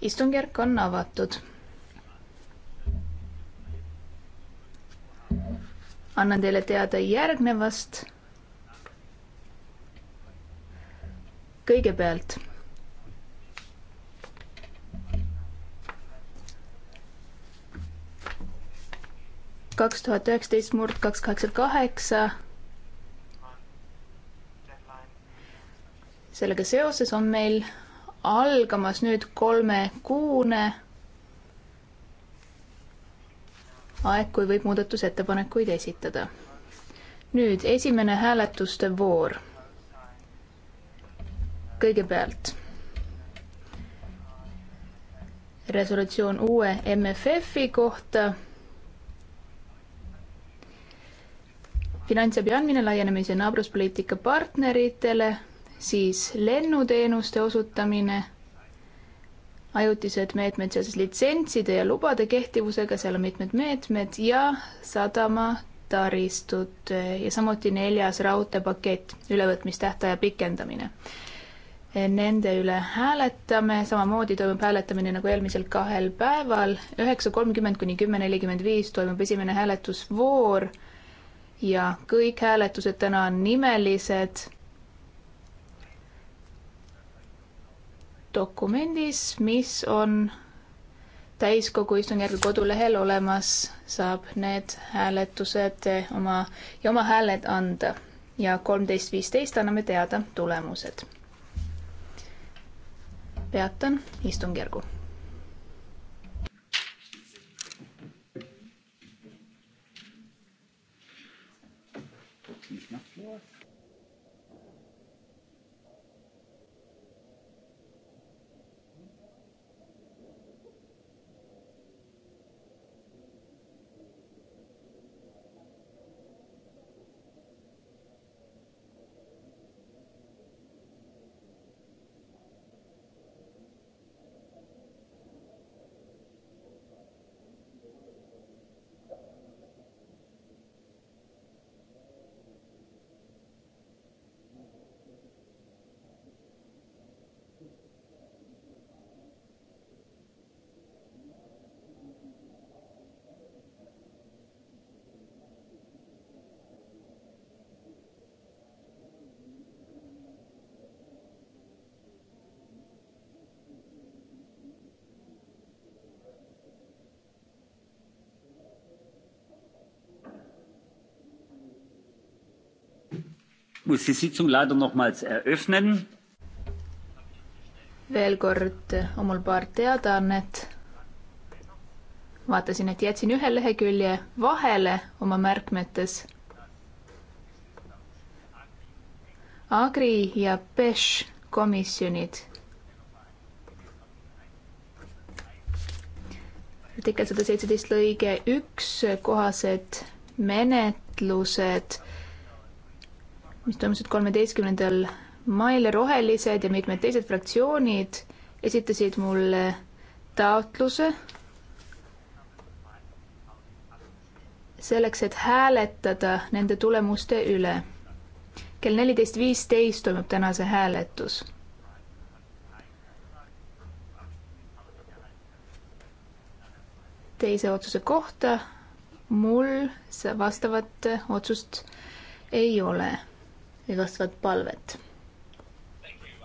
istungjärk on avatud. annan teile teada järgnevast. kõigepealt kaks tuhat üheksateist murd kaks kaheksakümmend kaheksa sellega seoses on meil algamas nüüd kolmekuune aeg, kui võib muudatusettepanekuid esitada. nüüd esimene hääletuste voor. kõigepealt resolutsioon uue MFF-i kohta finantsabi andmine laienemise naabruspoliitika partneritele siis lennuteenuste osutamine, ajutised meetmed seoses litsentside ja lubade kehtivusega, seal on mitmed meetmed ja sadamataristud ja samuti neljas raudteepakett, ülevõtmistähtaja pikendamine. Nende üle hääletame, samamoodi toimub hääletamine nagu eelmisel kahel päeval, üheksa kolmkümmend kuni kümme nelikümmend viis toimub esimene hääletusvoor ja kõik hääletused täna on nimelised dokumendis, mis on täiskogu istungjärgu kodulehel olemas, saab need hääletused oma ja oma hääled anda ja kolmteist viisteist anname teada tulemused. peatan istungjärgu muss die Sitzung leider nochmals eröffnen. veel kord on mul paar teadaannet. vaatasin, et jätsin ühe lehekülje vahele oma märkmetes. Agri ja Pech komisjonid. artikkel sada seitseteist lõige üks kohased menetlused mis toimusid kolmeteistkümnendal mail, Rohelised ja mitmed teised fraktsioonid esitasid mulle taotluse selleks, et hääletada nende tulemuste üle. kell neliteist viisteist toimub täna see hääletus. teise otsuse kohta mul vastavat otsust ei ole ja vastavat palvet.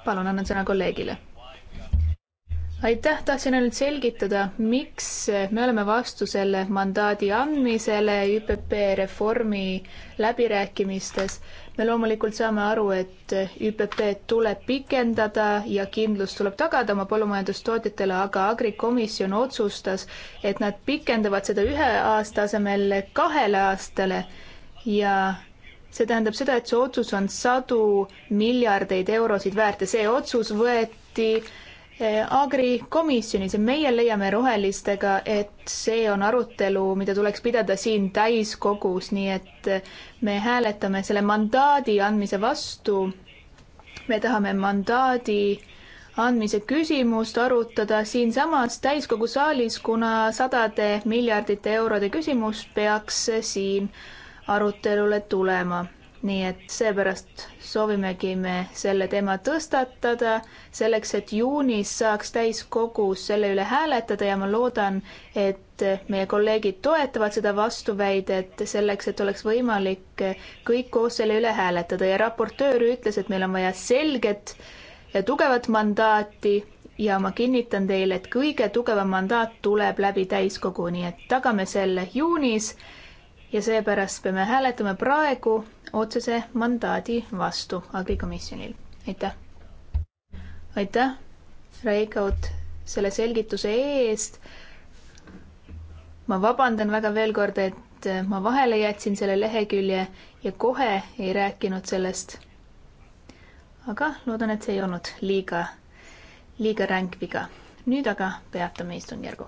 palun, annan sõna kolleegile. aitäh, tahtsin ainult selgitada, miks me oleme vastu selle mandaadi andmisele ÜPP reformi läbirääkimistes. me loomulikult saame aru, et ÜPP-d tuleb pikendada ja kindlus tuleb tagada oma põllumajandustootjatele, aga agrikomisjon otsustas, et nad pikendavad seda ühe aasta asemel kahele aastale ja see tähendab seda, et see otsus on sadu miljardeid eurosid väärt ja see otsus võeti eh, Agri komisjonis ja meie leiame rohelistega, et see on arutelu, mida tuleks pidada siin täiskogus, nii et eh, me hääletame selle mandaadi andmise vastu. me tahame mandaadi andmise küsimust arutada siinsamas täiskogu saalis, kuna sadade miljardite eurode küsimus peaks siin äh, arutelule tulema. nii et seepärast soovimegi me selle teema tõstatada, selleks et juunis saaks täiskogus selle üle hääletada ja ma loodan, et meie kolleegid toetavad seda vastuväidet selleks, et oleks võimalik kõik koos selle üle hääletada ja raportöör ütles, et meil on vaja selget ja tugevat mandaati ja ma kinnitan teile, et kõige tugevam mandaat tuleb läbi täiskogu, nii et tagame selle juunis ja seepärast peame hääletama praegu otsese mandaadi vastu agrikomisjonil. aitäh! aitäh, Reikaut, selle selgituse eest. ma vabandan väga veel kord, et ma vahele jätsin selle lehekülje ja kohe ei rääkinud sellest. aga loodan, et see ei olnud liiga, liiga ränk viga. nüüd aga peatame istungjärgu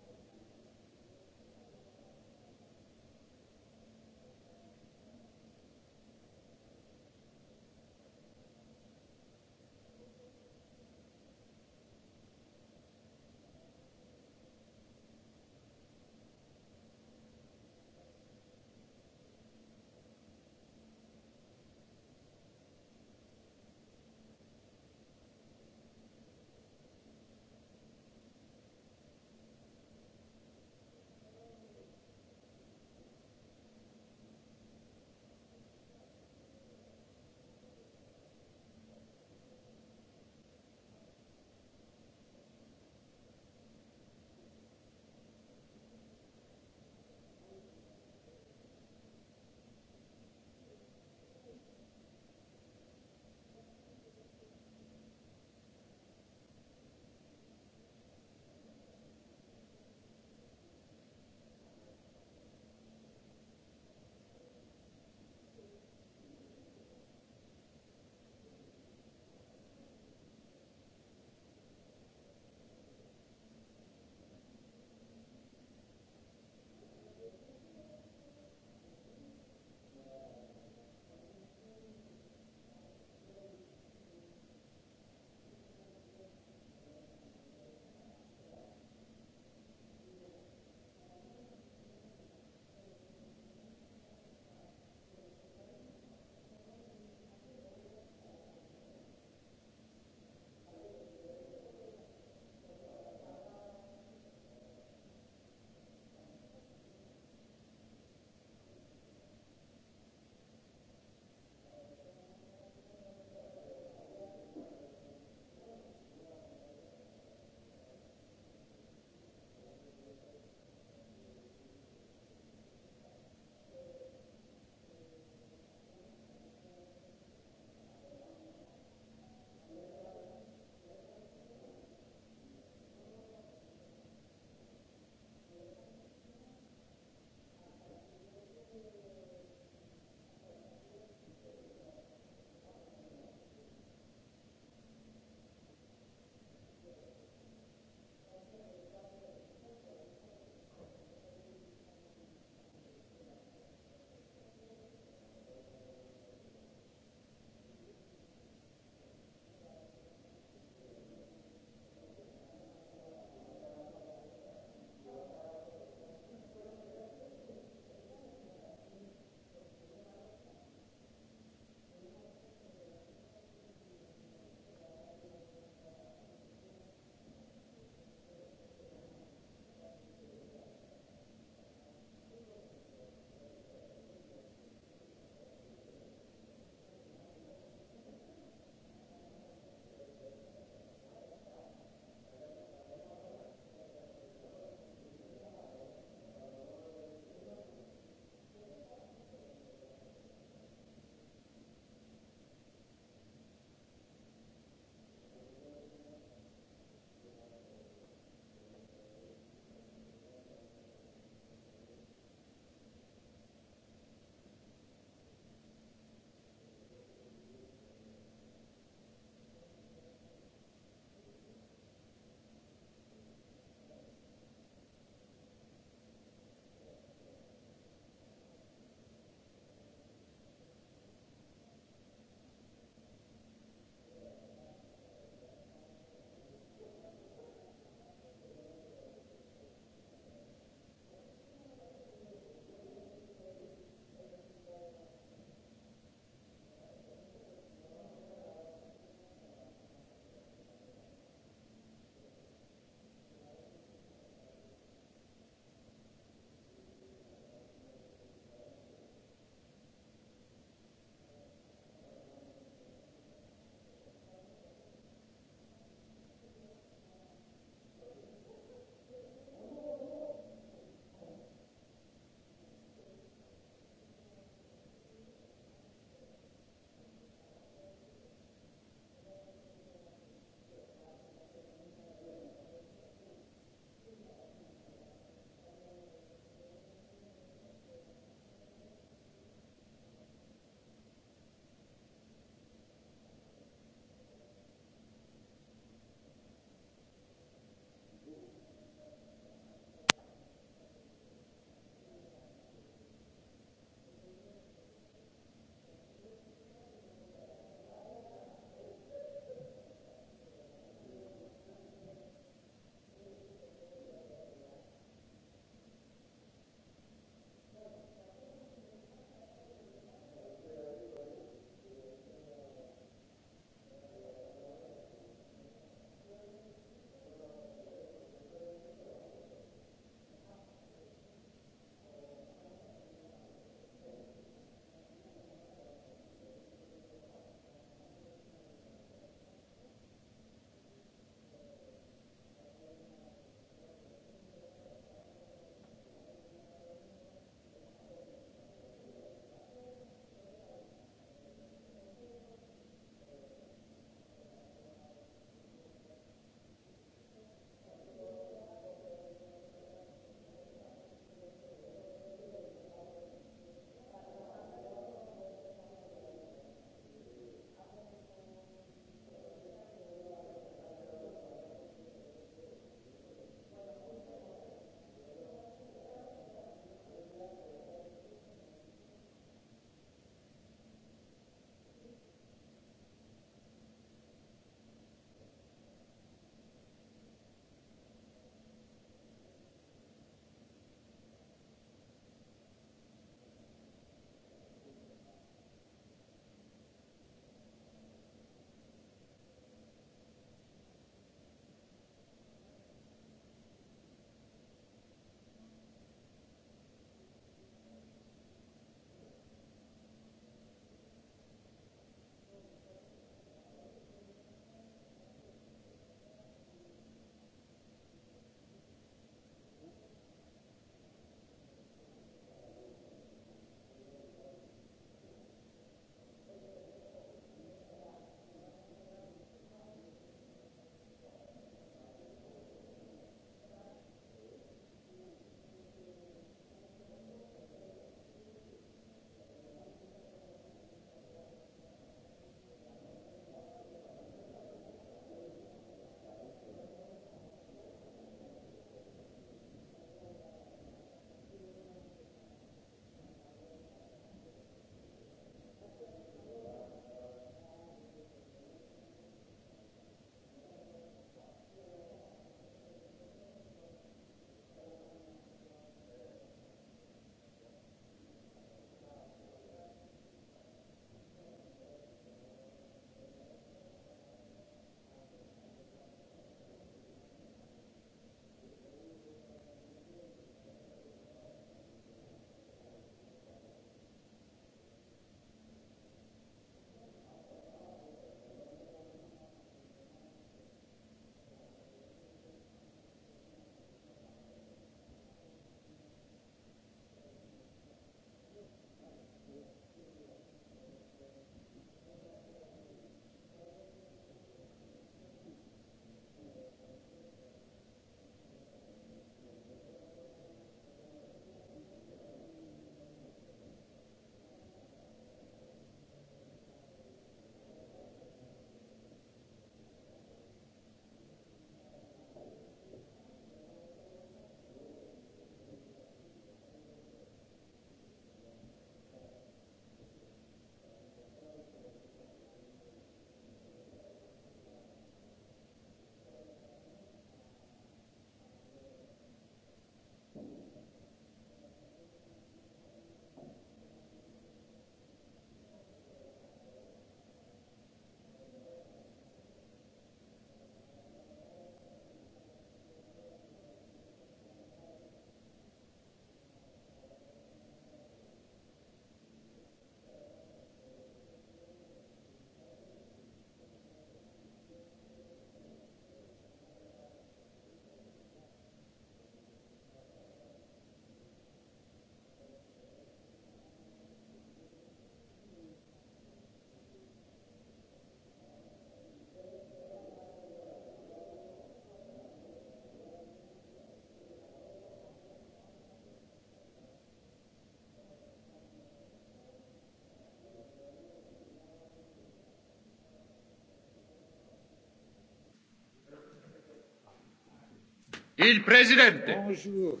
Il presidente. Bonjour.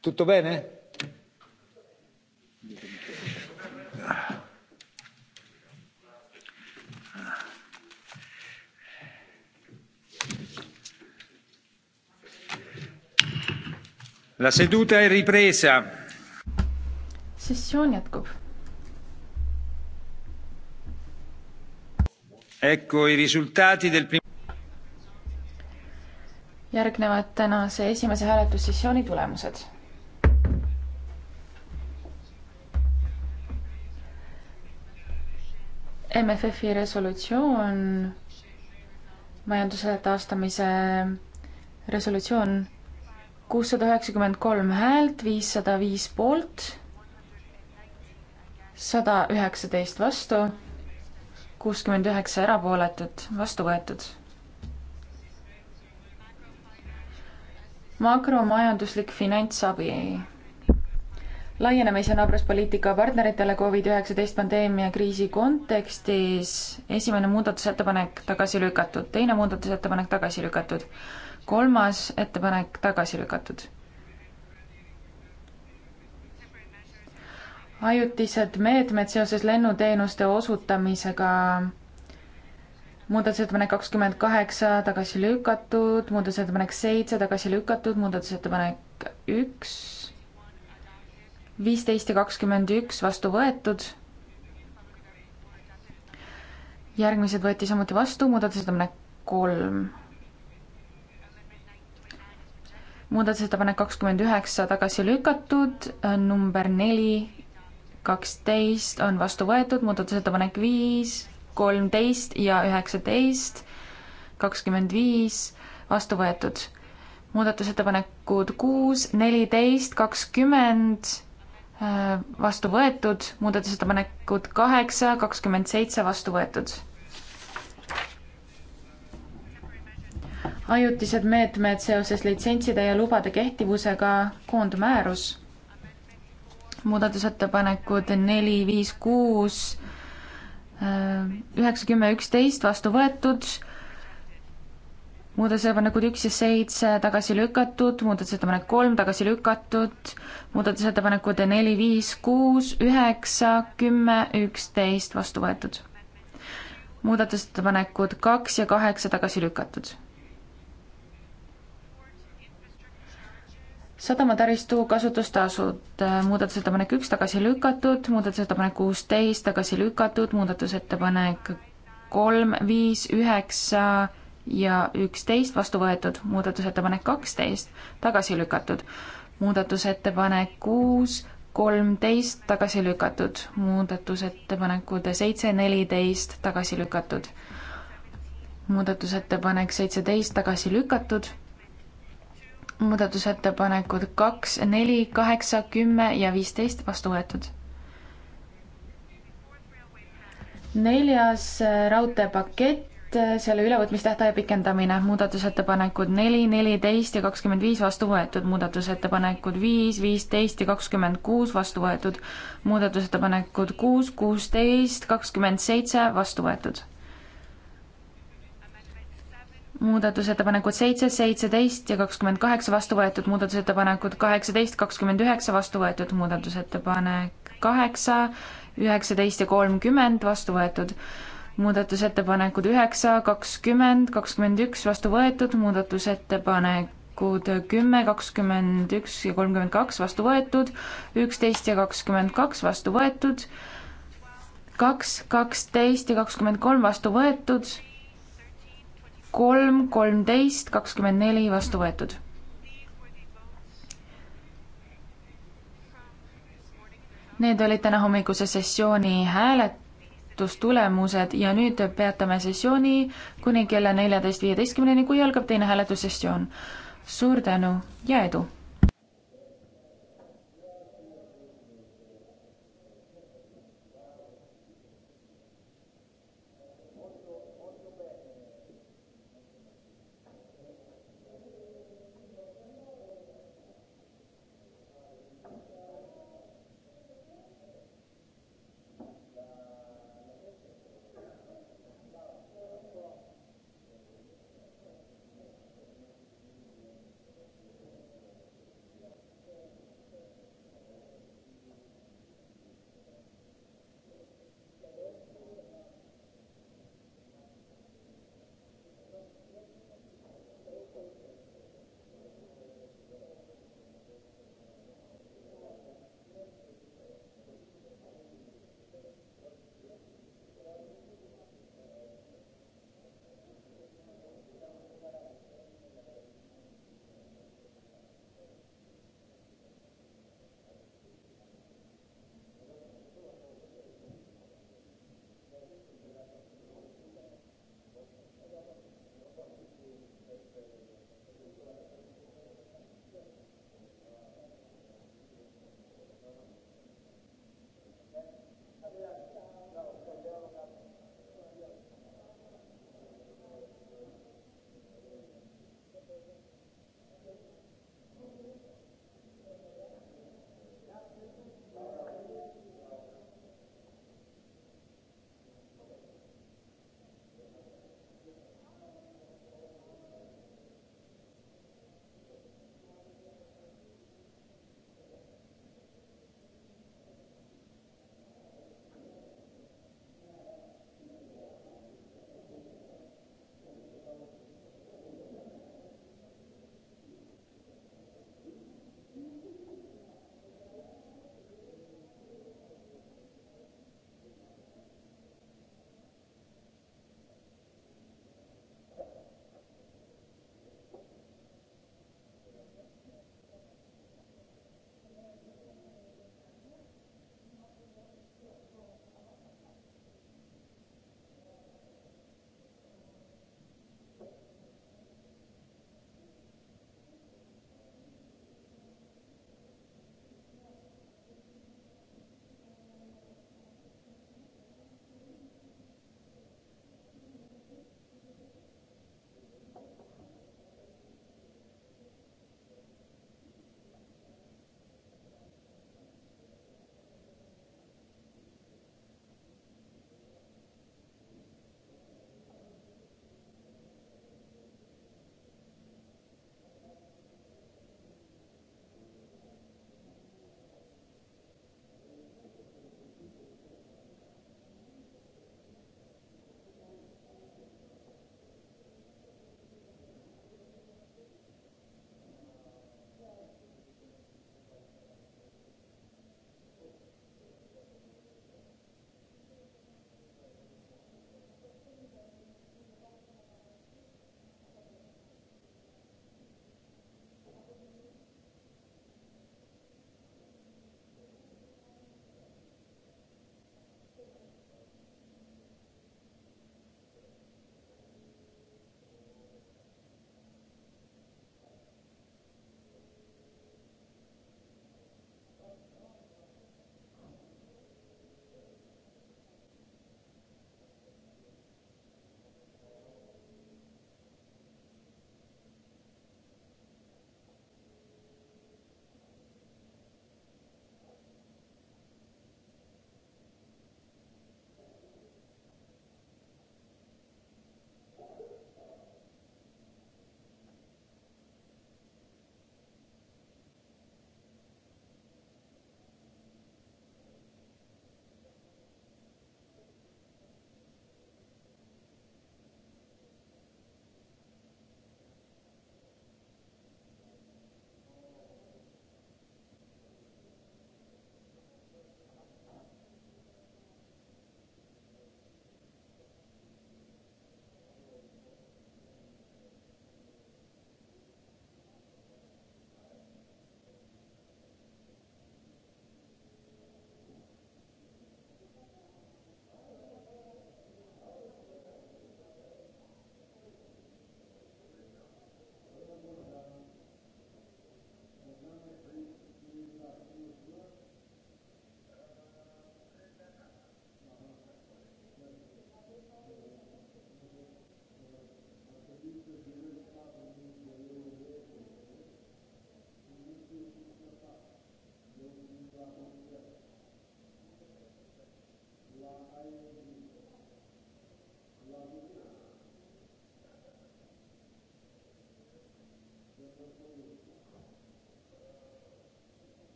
Tutto bene? La seduta è ripresa. Sessioon jätkub. Ecco i risultati del prim- järgnevad tänase esimese hääletussessiooni tulemused. MFF-i resolutsioon, majanduse taastamise resolutsioon, kuussada üheksakümmend kolm häält, viissada viis poolt, sada üheksateist vastu kuuskümmend üheksa erapooletut, vastu võetud. makromajanduslik finantsabi. laienemise naabruspoliitika partneritele Covid-19 pandeemia kriisi kontekstis. esimene muudatusettepanek tagasi lükatud, teine muudatusettepanek tagasi lükatud, kolmas ettepanek tagasi lükatud ajutised meetmed seoses lennuteenuste osutamisega. muudatusettepanek kakskümmend kaheksa tagasi lükatud, muudatusettepanek seitse tagasi lükatud, muudatusettepanek üks, viisteist ja kakskümmend üks vastu võetud. järgmised võeti samuti vastu, muudatusettepanek kolm muudatusettepanek kakskümmend üheksa tagasi lükatud, number neli kaksteist on vastu võetud, muudatusettepanek viis, kolmteist ja üheksateist, kakskümmend viis vastu võetud. muudatusettepanekud kuus, neliteist, kakskümmend äh, vastu võetud, muudatusettepanekud kaheksa, kakskümmend seitse vastu võetud. ajutised meetmed seoses litsentside ja lubade kehtivusega koondmäärus muudatusettepanekud neli, viis, kuus, üheksa, kümme, üksteist vastu võetud, muudatusettepanekud üks ja seitse tagasi lükatud, muudatusettepanek kolm tagasi lükatud, muudatusettepanekud neli, viis, kuus, üheksa, kümme, üksteist vastu võetud. muudatusettepanekud kaks ja kaheksa tagasi lükatud sadamataristu kasutustasud, äh, muudatusettepanek üks tagasi lükatud, muudatusettepanek kuusteist tagasi lükatud, muudatusettepanek kolm, viis, üheksa ja üksteist vastu võetud, muudatusettepanek kaksteist tagasi lükatud, muudatusettepanek kuus, kolmteist tagasi lükatud, muudatusettepanekud seitse, neliteist tagasi lükatud, muudatusettepanek seitseteist tagasi lükatud muudatusettepanekud kaks, neli, kaheksa, kümme ja viisteist vastu võetud. neljas äh, raudteepakett, äh, selle ülevõtmistähtaja pikendamine, muudatusettepanekud neli, neliteist ja kakskümmend viis vastu võetud, muudatusettepanekud viis, viisteist ja kakskümmend kuus vastu võetud, muudatusettepanekud kuus, kuusteist, kakskümmend seitse vastu võetud muudatusettepanekud seitse, seitseteist ja kakskümmend kaheksa vastu võetud muudatusettepanekud, kaheksateist, kakskümmend üheksa vastu võetud muudatusettepanek kaheksa, üheksateist ja kolmkümmend vastu võetud muudatusettepanekud üheksa, kakskümmend, kakskümmend üks vastu võetud muudatusettepanekud kümme, kakskümmend üks ja kolmkümmend kaks vastu võetud, üksteist ja kakskümmend kaks vastu võetud, kaks, kaksteist ja kakskümmend kolm vastu võetud kolm, kolmteist, kakskümmend neli vastu võetud. Need olid täna hommikuse sessiooni hääletustulemused ja nüüd peatame sessiooni kuni kella neljateist viieteistkümneni, kui algab teine hääletussessioon. suur tänu ja edu!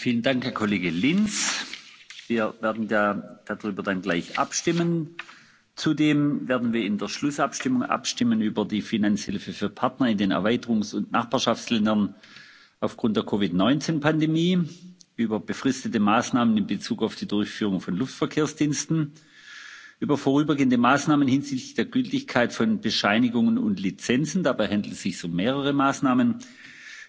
Vielen Dank, Herr Kollege Linz. Wir werden da, darüber dann gleich abstimmen. Zudem werden wir in der Schlussabstimmung abstimmen über die Finanzhilfe für Partner in den Erweiterungs- und Nachbarschaftsländern aufgrund der Covid-19-Pandemie, über befristete Maßnahmen in Bezug auf die Durchführung von Luftverkehrsdiensten, über vorübergehende Maßnahmen hinsichtlich der Gültigkeit von Bescheinigungen und Lizenzen. Dabei handelt es sich um mehrere Maßnahmen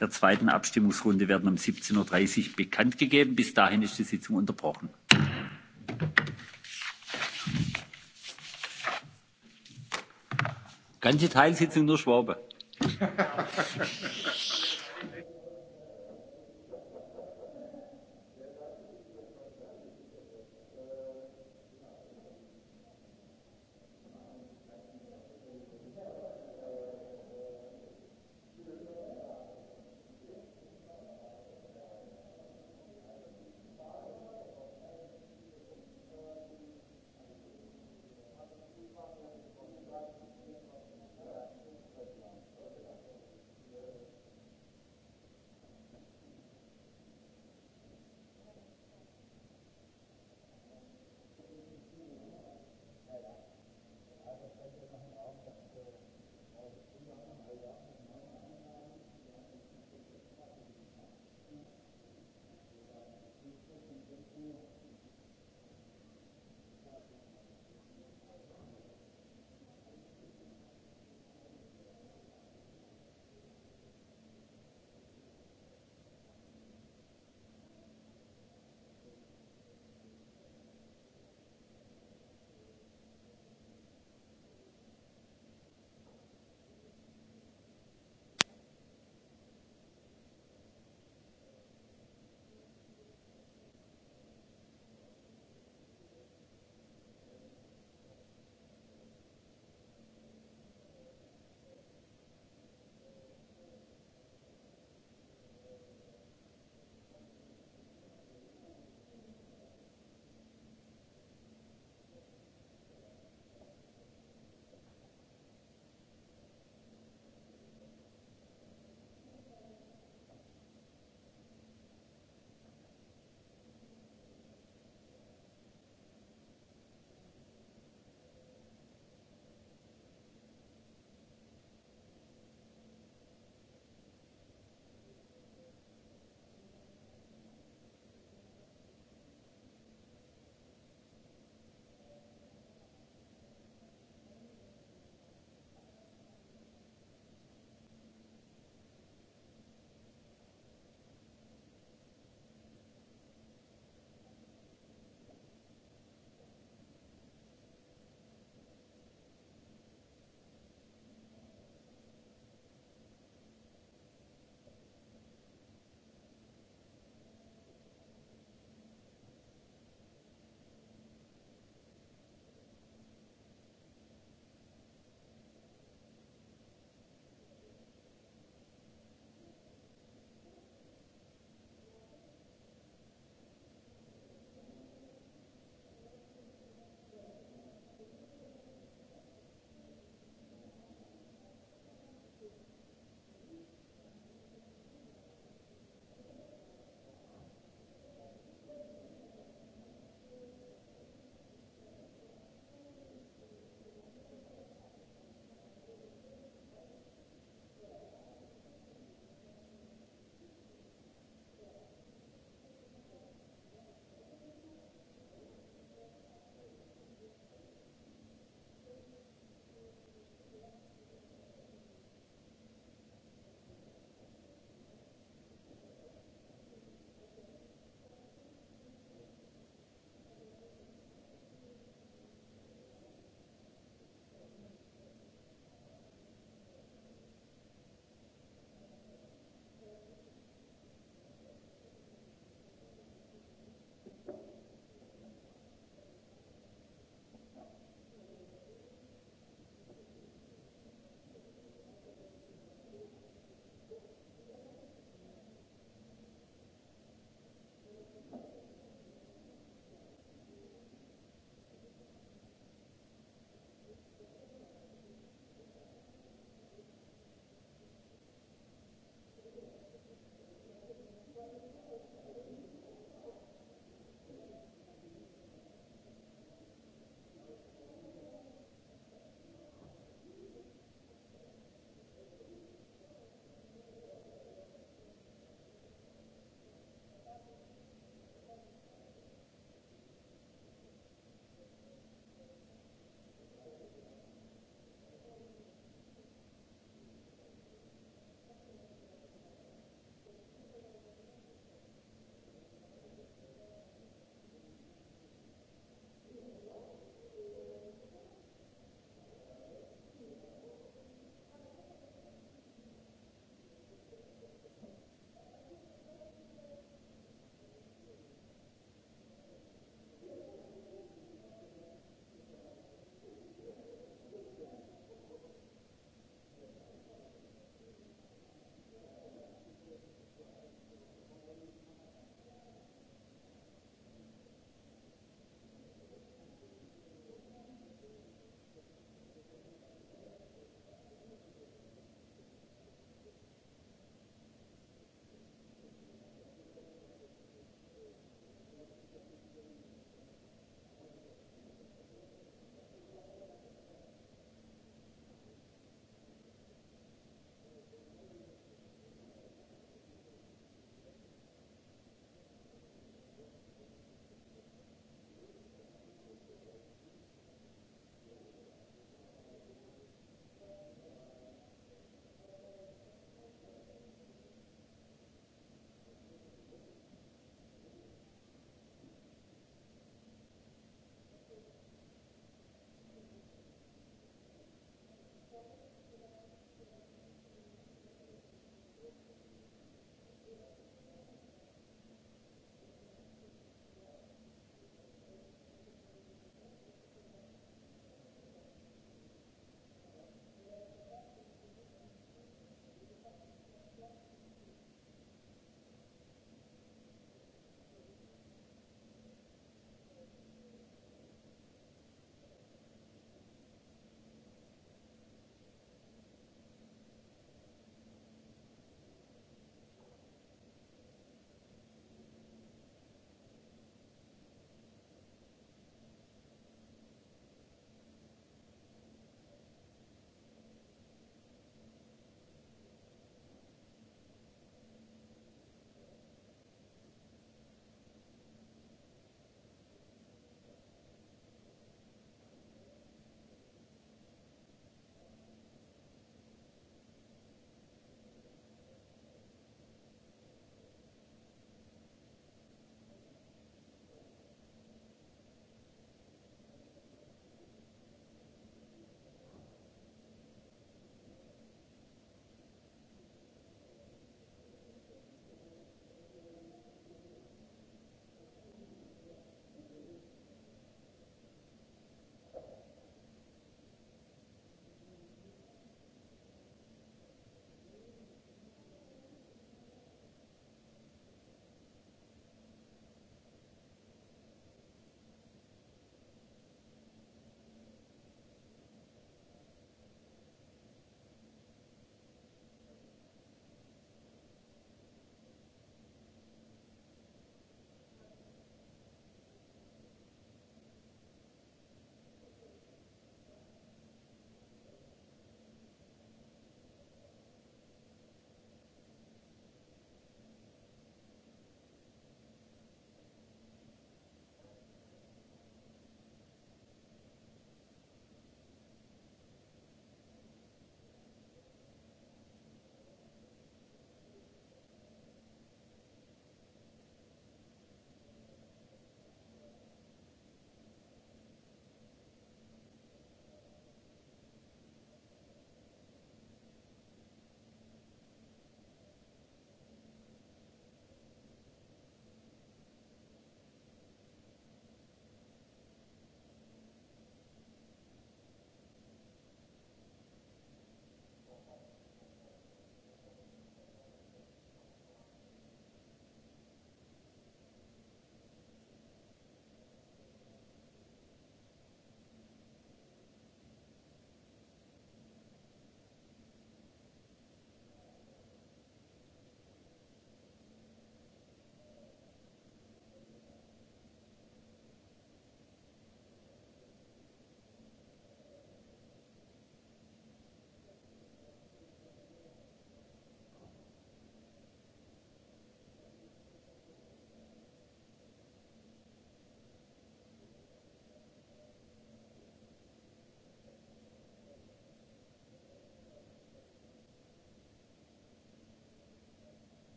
der zweiten abstimmungsrunde werden um. siebzehn dreißig uhr bekanntgegeben. bis dahin ist die sitzung unterbrochen. ganze teilsitzung nur schwabe.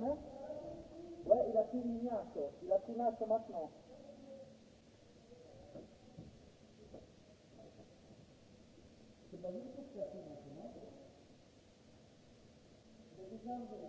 Amen. Ouais, il a plus de lumière encore. Il a plus là que maintenant. C'est pas lui qui maintenant. C'est bizarre de là.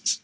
exists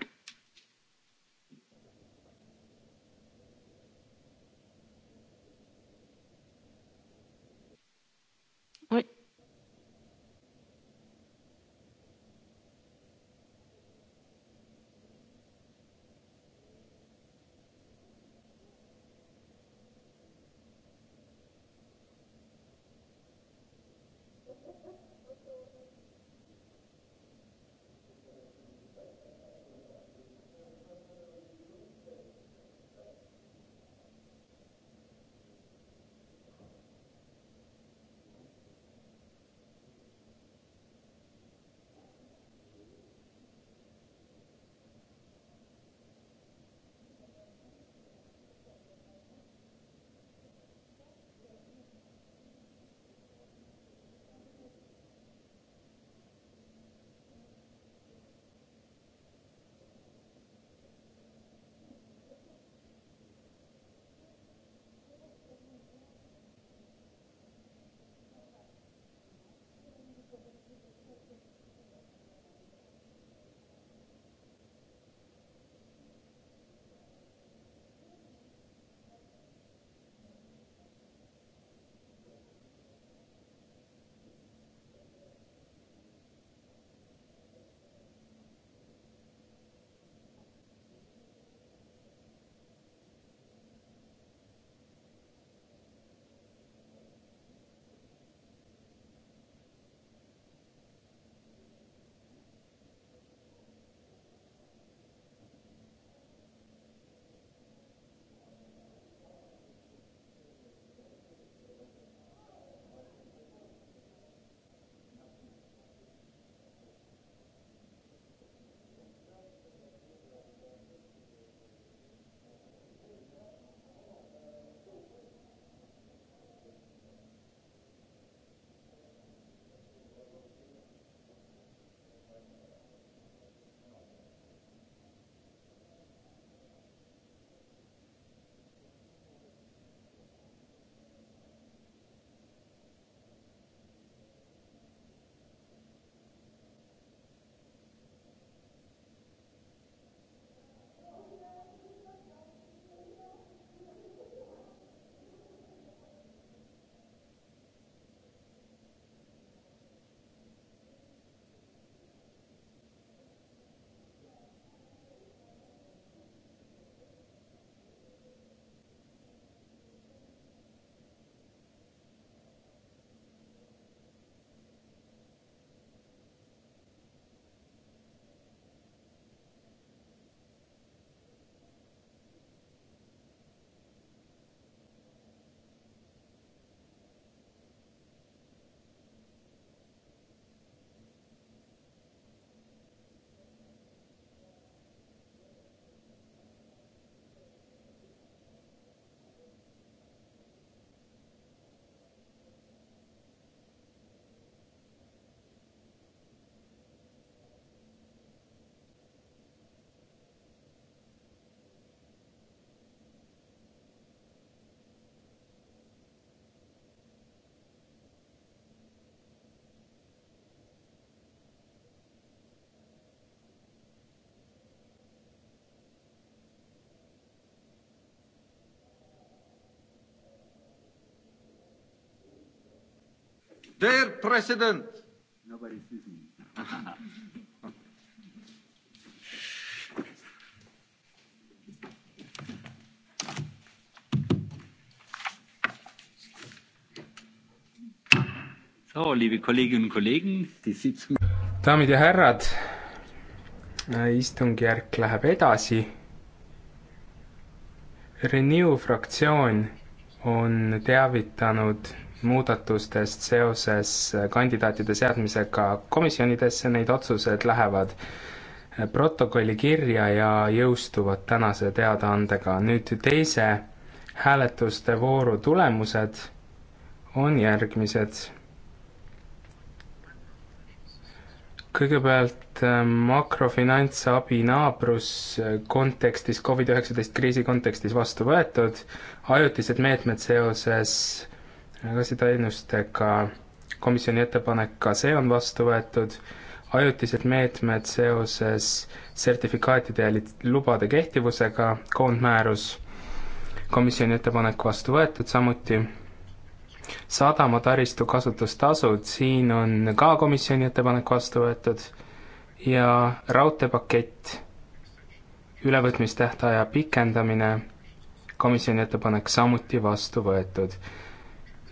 Dear president. Nobody sees me. So, liebe Kolleginnen und Kollegen, die Sitzung. daamid ja härrad, äh, istungjärk läheb edasi. Renew fraktsioon on teavitanud muudatustest seoses kandidaatide seadmisega komisjonidesse, need otsused lähevad protokolli kirja ja jõustuvad tänase teadaandega. nüüd teise hääletuste vooru tulemused on järgmised. kõigepealt äh, makrofinantsabi naabrus äh, kontekstis, Covid-19 kriisi kontekstis vastu võetud, ajutised meetmed seoses edasiteenustega komisjoni ettepanek, ka see on vastu võetud, ajutised meetmed seoses sertifikaatide ja lubade kehtivusega, koondmäärus, komisjoni ettepanek vastu võetud samuti, sadamataristu kasutustasud, siin on ka komisjoni ettepanek vastu võetud ja raudteepakett, ülevõtmistähtaja pikendamine, komisjoni ettepanek samuti vastu võetud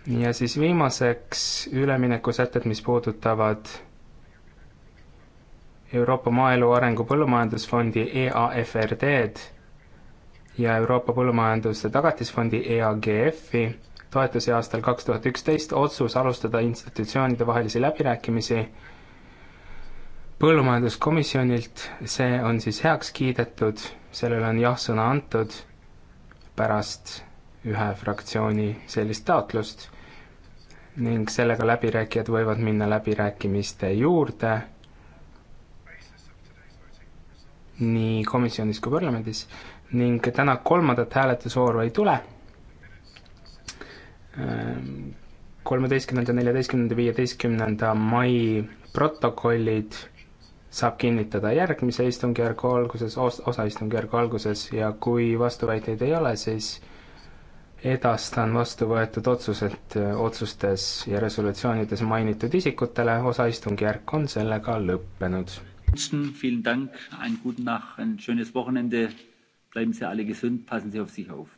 ja siis viimaseks üleminekusätted, mis puudutavad Euroopa Maaelu Arengu Põllumajandusfondi EAFRD-d ja Euroopa Põllumajanduse Tagatisfondi EAGF-i toetusi aastal kaks tuhat üksteist, otsus alustada institutsioonide vahelisi läbirääkimisi põllumajanduskomisjonilt, see on siis heaks kiidetud, sellele on jah-sõna antud pärast ühe fraktsiooni sellist taotlust ning sellega läbirääkijad võivad minna läbirääkimiste juurde nii komisjonis kui parlamendis ning täna kolmandat hääletusvooru ei tule. kolmeteistkümnenda, neljateistkümnenda, viieteistkümnenda mai protokollid saab kinnitada järgmise istungjärgu alguses, osa istungjärgu alguses ja kui vastuväiteid ei ole, siis edastan vastu võetud otsused eh, otsustes ja resolutsioonides mainitud isikutele, osaistungjärk on sellega lõppenud. Vielen Dank, einen guten Nacht, ein schönes Wochenende. Bleiben Sie alle gesund, passen Sie auf sich auf.